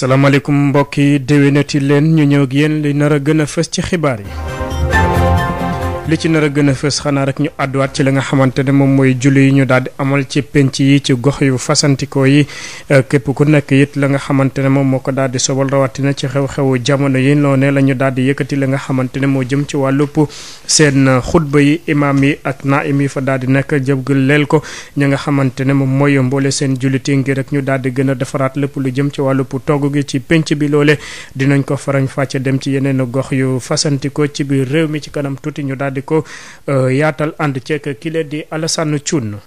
salaamaaleykum mbokk yi déwénati leen ñu ñëw ak yéen li nar a gën a fës ci xibaar yi. li ci nar a gën a fës xanaa rek ñu àdduwaat ci li nga xamante ne mooy julli yi ñu daal amal ci penc yi ci gox yu fasantikoo yi euh, képp ku nekk it la nga xamante ne moom moo ko daal di sobal rawatina ci xew-xewu jamono yi noonee la ñu daal di yëkkati la nga xamante ne moo jëm ci wàllub seen xutba yi imaam yi ak naim yi fa di nekk jëbgal leel ko ñi nga xamante ne moom mooy mboole seen julliti ngir rek ñu daal di gën a defaraat lépp lu jëm ci wàllub togg gi ci penc bi loole dinañ ko farañ fàcce dem ci yeneen gox yu fasantikoo ci biir réew mi ci kanam tuuti ñu daal ko yaatal ànd ceeg kile di Alassane Thioune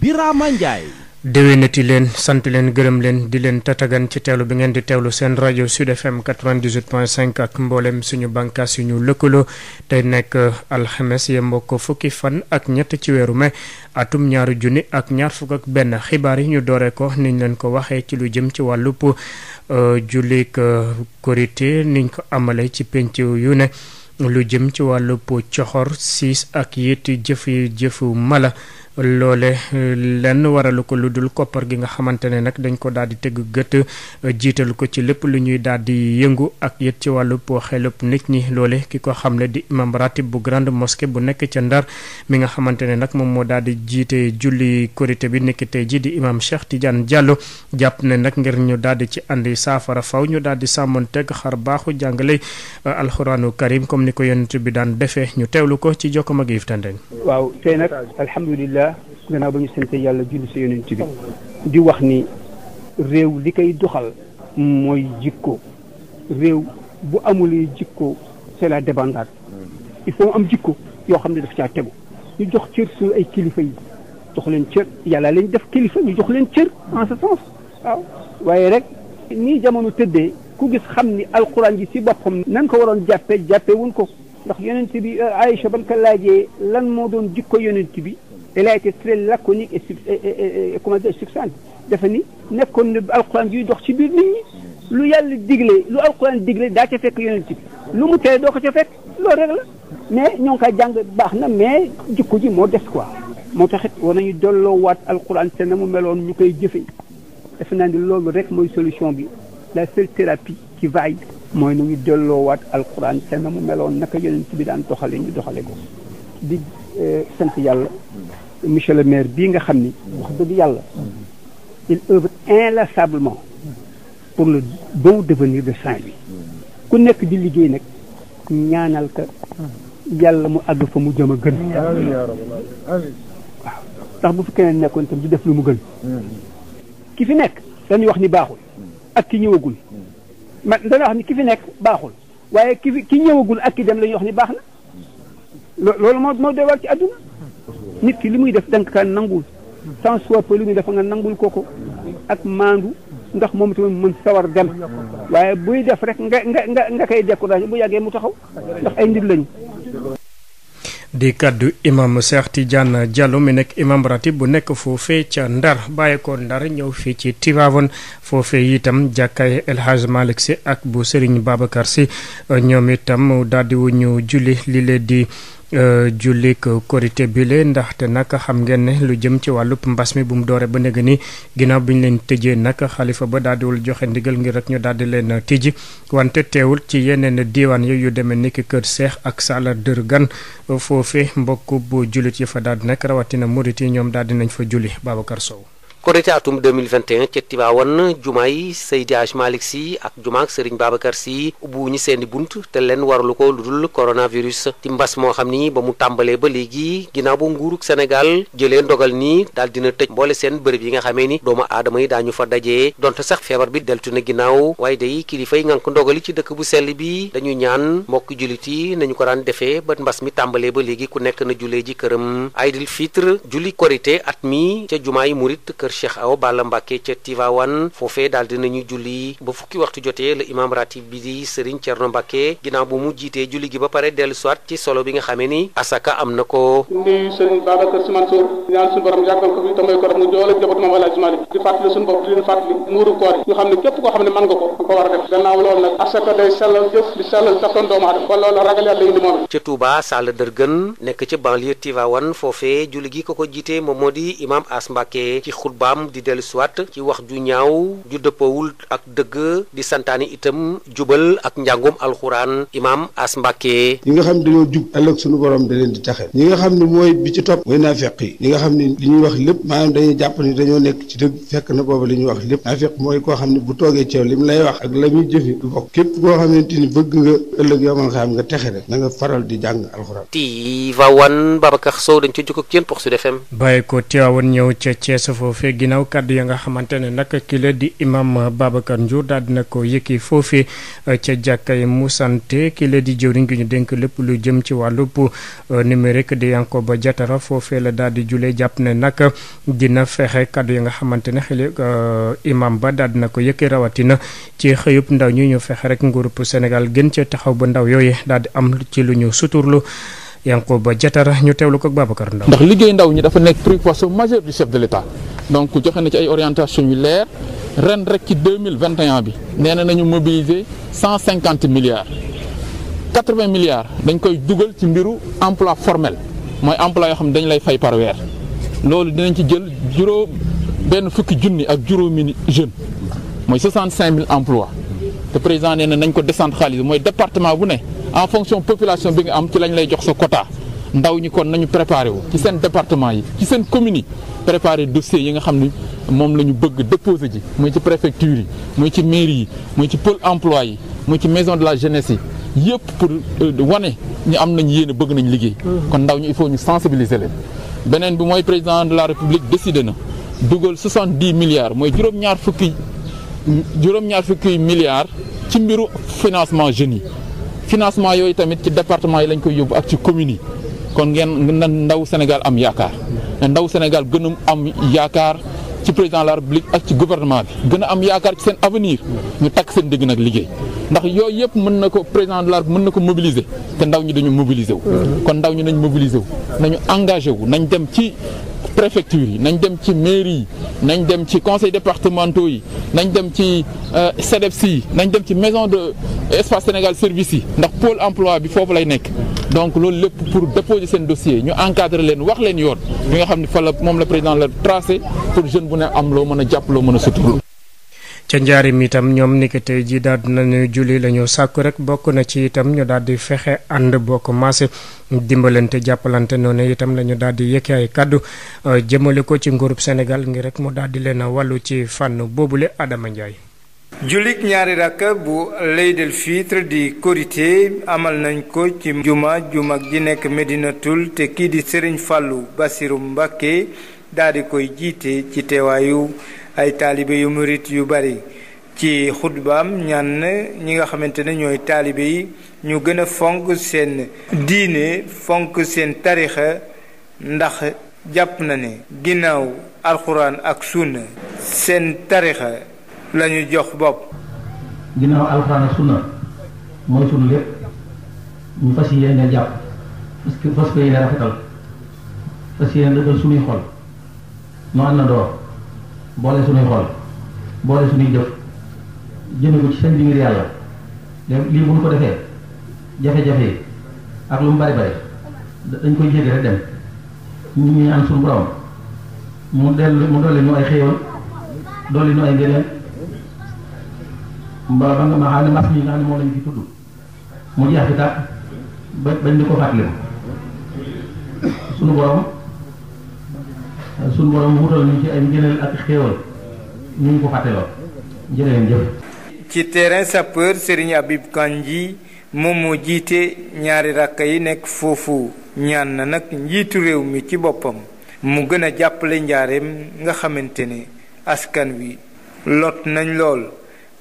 Birama Ndiaye déwénati leen sant leen gërëm leen di leen tatagan ci teewlu bi ngeen di teewlu seen rajo Sud FM 98.5 ak mboolem suñu bànqaas yu ñu lëkkaloo tey nekk uh, alxemes yemboo ko fukki fan ak ñett ci weeru mai atum ñaaru junni ak ñaar fukk ak benn xibaar yi ñu doore ko niñ leen ko waxee ci lu jëm ci wàllu wàllub uh, jullik uh, korité niñ ko amalee ci penc yu ne lu jëm ci wàllub coxor siis ak yéeti jëf jëfu mala loole lenn waralu ko lu dul koppar gi nga xamante ne nag dañ ko daal di tëgg gët jiital ko ci lépp lu ñuy daal di yëngu ak yët ci wàllu po xelop nit ñi loole ki ko xamle di imam ratib bu grande mosquée bu nekk ca ndar mi nga xamante ne nag moom moo daal di jiite julli korité bi nekk tey ji di imam Cheikh Tidiane Diallo jàpp ne nag ngir ñu daal di ci andi saafara faw ñu daal di sàmmoon teg xar baaxu jàngale euh, alxuraanu karim comme ni ko yonent bi daan defee ñu teewlu ko ci jokkoo mag yi gannaaw ba ñu sant yàlla julli sa yonent bi di wax ni réew li koy doxal mooy jikko réew bu amul jikko c'est la débandade il faut am jikko yoo xam ne daf caa tegu ñu jox cër suñu ay kilifay yi jox leen cër yàlla lañ def kilifa ñu jox leen cër en ce sens waaye rek nii jamono tëddee ku gis xam ni alquran ji si boppam nan ko waroon jàppe jàppe wuñ ko ndax yeneen bi Aïcha ban ko laajee lan moo doon jikko yonent bi elle a été très laconique et sub et comment dire succincte dafa nekkoon ne alxuraan yuy dox ci biir ni lu yàll digle lu alxuraan digle daa ca fekk yonent bi lu mu tere doo ko ca fekk loolu la mais ñoo ngi koy jàng baax na mais jikko ji moo des quoi moo taxit war nañu delloowaat alxuraan te na mu meloon ñu koy jëfe defe naa ni loolu rek mooy solution bi la seule thérapie ki vaille mooy nañu delloowaat alxuraan te na mu meloon naka yonent bi daan doxale ñu doxale ko di eh, sant yàlla monsieur le maire bii nga xam ni wax dëgg yàlla in œuvre inlassablement pour le bon devenir de Saint-Louis ku nekk di liggéey nag ñaanal ka yàlla mu àgg mu jëm a gën bu fi keneen nekkoon itam du def lu mu gën ki fi nekk dañuy wax ni baaxul ak ki ñëwagul man dañuy wax ki fi nekk baaxul waaye ki fi ki ak ki dem la ñuy wax ni baax na loolu moo moo doy waar ci àdduna nit ki li muy def danga kaan nangul sans soit peu li muy def nga nangul koko ak maandu ndax moom tamit mën sawar dem waaye buy def rek nga nga nga koy découragé bu yàggee mu taxaw ndax ay nit lañu. di kaddu imam Cheikh Tidiane Diallo mi nekk imam ratib bu nekk foofee ca Ndar bàyyeekoo Ndar ñëw fii ci Tivaouane foofee itam jàkkaay El Hadj Malick ak bu Serigne Babacar Sy ñoom itam daal di julli li leen di. Euh, jullik korité bi le ndaxte nag xam ngeen ne lu jëm ci wàllu mbas mi bu mu doore ba nega ni ginnaaw bi ñu leen tëjee nag xalifa ba daldiwul joxe ndigal ngir rek ñu daldi leen tijji wante teewul ci yeneen diiwaan yooyu yu demee ni ki kër seex ak sala dërgan foofe mbokk bu jullit yi fa daldi nag rawatina murit yi ñoom daldi nañ fa julli Babacar Sow korite atum 2021 ca Tiwaawan jumaay Seydi Aj Malick si ak jumaak Serigne Babacar si ubbiwuñu seeni bunt te leen warlu ko lu dul coronavirus ci mbas moo xam ni ba mu tàmbalee ba léegi ginnaaw ba nguurug Sénégal jëlee ndogal nii daal na tëj mboole seen bërëb yi nga xamee ni doomu aadama yi daañu fa daje donte sax feebar bi deltu na ginnaaw waaye day kilifa yi ngànk ndogali ci dëkk bu sell bi dañu ñaan mbokk jullit yi nañu ko daan defee ba mbas mi tàmbalee ba léegi ku nekk na julee ji këram Aydil Fitre julli korite at mi ca jumaay murit kër Cheikh Awa Balla Mbacke ca Tivaouane foofee daal dinañu julli ba fukki waxtu jotee la imaam ratib bi di Serigne Thierno Mbacke ginnaaw bu mu jiitee julli gi ba pare dellu siwaat ci solo bi nga xamee ni asaka am na ko nuyu Serigne Babacar Sy Mansour ñaan suñu borom yàggal ko fi te may ko def mu doole jabot maam Alaaji Malik di fàttali suñu xam ne képp nga ko nga ko war a def gannaaw loolu nag asaka day sellal jëf di sellal taxoon doomu aadama kon loolu ragal yàlla indi moom ca Touba Sall Dërgën nekk ca banlieue Tivaouane foofee tubaam di dellu siwaat ci wax ju ñaaw ju dëppawul ak dëgg di santaani itam jubal ak njàngum alxuraan imaam as mbàkke ñi nga xam dañoo jub ëllëg suñu borom da leen di taxe ñi nga xam ne mooy bi ci topp mooy naafeq yi ñi nga xam ne li ñuy wax lépp maanaam dañuy jàpp ni dañoo nekk ci dëgg fekk na booba li ñuy wax lépp naafeq mooy koo xam ne bu toogee ceew li mu lay wax ak la muy jëfi du bokk képp koo xamante ni bëgg nga ëllëg yomal xam nga texe rek na nga faral di jàng alxuraan foofee ginnaaw kàddu ya nga xamante ne nag ki la di imam Babacar Ndiour daal dina ko yëkki foofee euh, ca jàkkay Moussanté ki la di jëwriñ gi ñu dénk lépp lu jëm ci wàllu wàllub euh, numérique di ba Diatara foofee la daal di julee jàpp ne nag dina fexe kàddu ya nga xamante ne xëy euh, imam ba daal dina ko yëkki rawatina ci xëyub ndaw ñi ñu fexe rek nguurub Sénégal gën ca taxaw ba ndaw yooyu dal di am ci lu ñu suturlu ba Diatara ñu teewlu ko ak Ndaw donc joxe na ci ay orientation yu leer ren rek ci deux mille vingt et bi nee na nañu mobiliser cent cinquante milliards quatre vingt milliards dañ koy dugal ci mbiru emploi formel mooy emplois yoo xam ne dañ lay fay par weer loolu dinañ ci jël juróom benn fukki junni ak juróomi jeune mooy soixante cinq mille emplois te président nee nañ ko décentraliser mooy département bu ne en fonction population bi nga am ci lañ lay jox sa quota. ndaw ñi kon nañu préparé wu ci seen département yi ci seen communes yi préparé dossiers yi nga xam ni moom la ñu bëgg déposé ji muy ci préfecture yi muy ci mairie yi muy ci pôle emploi yi ci maison de la jeunesse yi yëpp pour euh, wane ñu am nañ yéene bëgg nañ liggéey kon ndaw ñi il faut ñu sensibiliser leen beneen bi mooy président de la république décidé na dugal soixante-dix milliards mooy juróom-ñaar fukki juróom-ñaar fukki milliards ci mbiru financement jeunes yi financement yooyu tamit ci département yi lañ koy yóbbu ak ci communes yi kon ngeen na ndaw Sénégal am yaakaar ndaw Sénégal gën a am yaakaar ci président de la république ak ci gouvernement bi gën a am yaakaar ci seen avenir ñu takk seen dëgg nag liggéey ndax yooyu yëpp mën na ko président de la mën na ko mobiliser te ndaw ñi dañu mobiliser wu. kon ndaw ñi nañ mobiliser wu nañu engagé wu nañ dem ci préfecture yi nañ dem ci mairie yi nañ dem ci conseil départementaux yi nañ dem ci euh, CDEPS yi nañ dem ci maison de espace Sénégal service yi ndax pôle emploi bi foofu lay nekk. donc loolu lépp pour déposer seen dossier ñu encadrer leen wax leen yoon bi nga xam ne fa la moom la président la tracé pour jeune bu ne am loo mën a jàpp loo mën a suturlu ca njaarim itam ñoom niki tey jii daal dinañu julli la ñu sàkku rek bokk na ci itam ñu daal di fexe ànd bokk maase dimbalante jàppalante noonu itam lañu ñu daal di yëkkee kàddu jëmale ko ci nguurub Sénégal ngi rek mu daal di leen a wàllu ci fànn boobule Adama Ndiaye. jullik ñaari rakka bu laydel fitre di korité amal nañ ko ci juma ju mag ji nekk Medinatul te kii di Serigne fàllu Bassirou Mbacké daldi koy jiite ci teewaayu ay taalibe yu murit yu bari ci xutbaam ñaan ñi nga xamante ne ñooy taalibe yi ñu gën a fonk seen diine fonk seen tarixa ndax jàpp na ne ginnaaw alxuraan ak sunna seen tarixa la jox bopp. ginnaaw alxuraan ak sunna mooy sunu lépp ñu fas yéene jàpp parce que fas ko yéene rafetal fas yéene dëggal sunuy xol nu ànd na door boole sunuy xol boole sunuy jëf jënd ko ci seen bi ngir yàlla lii bu ñu ko defee jafe-jafe yi ak lu mu bari bari dañ koy jéggi rek dem ñu ñaan sunu borom mu dellu mu dolli ñu ay xéewal dolli ñu ay gëneel ba ba nga xam ne mas mi nga xam ne moom lañ fi tudd mu jeex ci tàkk ba bañ di ko fàttaliku sunu borom sunu borom wutal ñu ci ay ngëneel ak xéewal ñu ngi ko fàtteloo jërë ngeen jëf. ci terrain sapeur Serigne Habib Kandji moom moo jiite ñaari rakk yi nekk foofu ñaan na nag njiitu réew mi ci boppam mu gën a jàppale njaareem nga xamante ne askan wi lot nañ lool.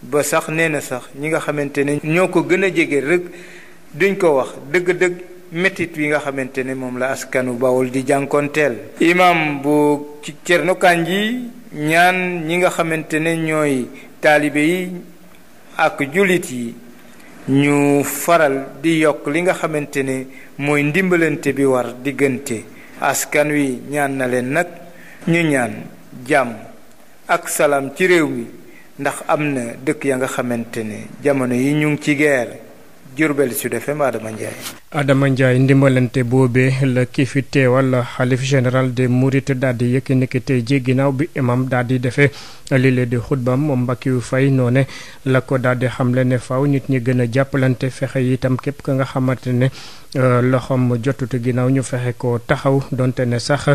ba sax nee na sax ñi nga xamante ne ñoo ko gën a jege rek duñ ko wax dëgg-dëgg métit wi nga xamante ne moom la askanu bawol di jànkonteel imam bu ci Cerno Kanji ñaan ñi nga xamante ne ñooy taalibe yi ak jullit yi ñu faral di yokk li nga xamante ne mooy ndimbalante bi war diggante askan wi ñaan na leen nag ñu ñaan jàmm ak salaam ci réew mi ndax am na dëkk ya nga xamante ne jamono yi ñu ngi ci guerre Diourbel Sud FM Adama Ndiaye. Adama Ndiaye ndimbalante boobee la ki fi teewal xalif général des Mourides daal yëkk niki tey ji ginnaaw bi imam daal di defee lile di xutbam moom Mbackiyou Faye noone la ko daal di xamle ne faw nit ñi gën a jàppalante fexe itam képp ka nga xamante ne euh, loxoom jotutu ginnaaw ñu fexe ko taxaw donte ne sax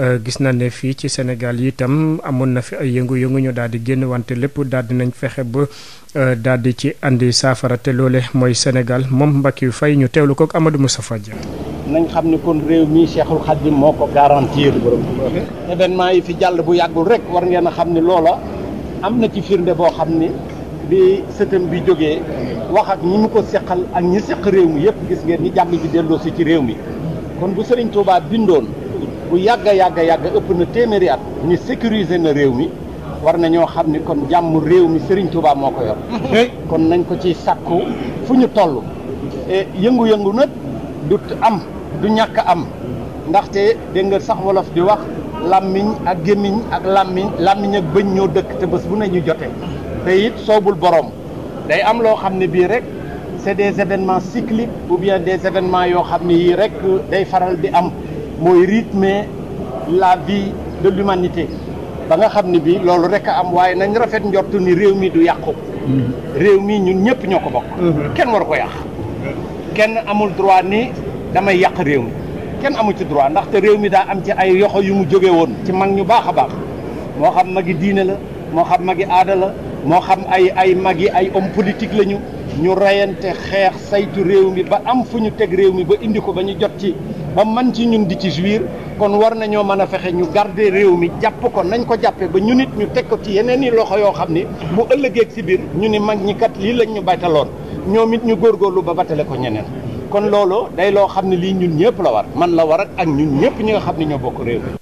euh, gis na ne fii ci senegal yi itam amoon na fi ay yëngu-yëngu ñu daal di génn wante lépp daldi di nañ fexe ba euh, daal di ci andi saafara te loole mooy Sénégal. Sénégal moom Mbackiou Faye ñu teewlu ko ak Amadou Moustapha Dia nañ xam ni kon réew mii Cheikhul Khadim moo ko garantir événement yi fi jàll bu yàggul rek war ngeen a xam ni loola am na ci firnde boo xam ni bi sëtam bi jógee wax ak ñi mu ko seqal ak ñi seq réew mi yëpp gis ngeen ni jàmm ji delloo si ci réew mi kon bu Serigne Touba bindoon bu yàgg a yàgg yàgg ëpp na téeméeri at ñu sécuriser na réew mi war na ñoo xam ni kon jàmm réew mi Serigne Touba moo ko yor kon nañ ko ci sàkku fu ñu toll e, yëngu-yëngu nag du am du ñàkk am ndaxte dégg nga sax wolof di wax làmmiñ ak gémmiñ ak làmmiñ làmmiñ ak bëñ ñoo dëkk te bés bu ne ñu jote te it soobul boroom day am loo xam ne bii rek c'est des événements cycliques ou bien des événements yoo xam ne yii rek day faral di am mooy rythmer la vie de l'humanité ba nga xam ne bii loolu rek a am waaye nañ rafet njort ni réew mi du yàqu. réew mi ñun ñëpp ñoo ko bokk. Mhm. kenn waru ko yàq. kenn amul droit ni damay yàq réew mi kenn amul ci droit ndaxte réew mi daa am ci ay yoxo yu mu jóge woon ci mag ñu baax a baax moo xam magi diine la moo xam magi aada la moo xam ay ay yi ay homme politique lañu ñu reyante xeex saytu réew mi ba am fu ñu teg réew mi ba indi ko ba ñu jot ci. ba man ci ñun di ci jouir kon war nañoo mën a fexe ñu garder réew mi jàpp ko nañ ko jàppee ba ñu it ñu teg ko ci yeneen i loxo yoo xam ni bu ëllëgeek si biir ñu ni mag ñi kat lii lañ ñu baytaloon ñoom it ñu góor góorlu ba batale ko ñeneen kon loolu day loo xam ne lii ñun ñëpp la war man la war ak ñun ñëpp ñu nga xam ne ñoo bokk réew mi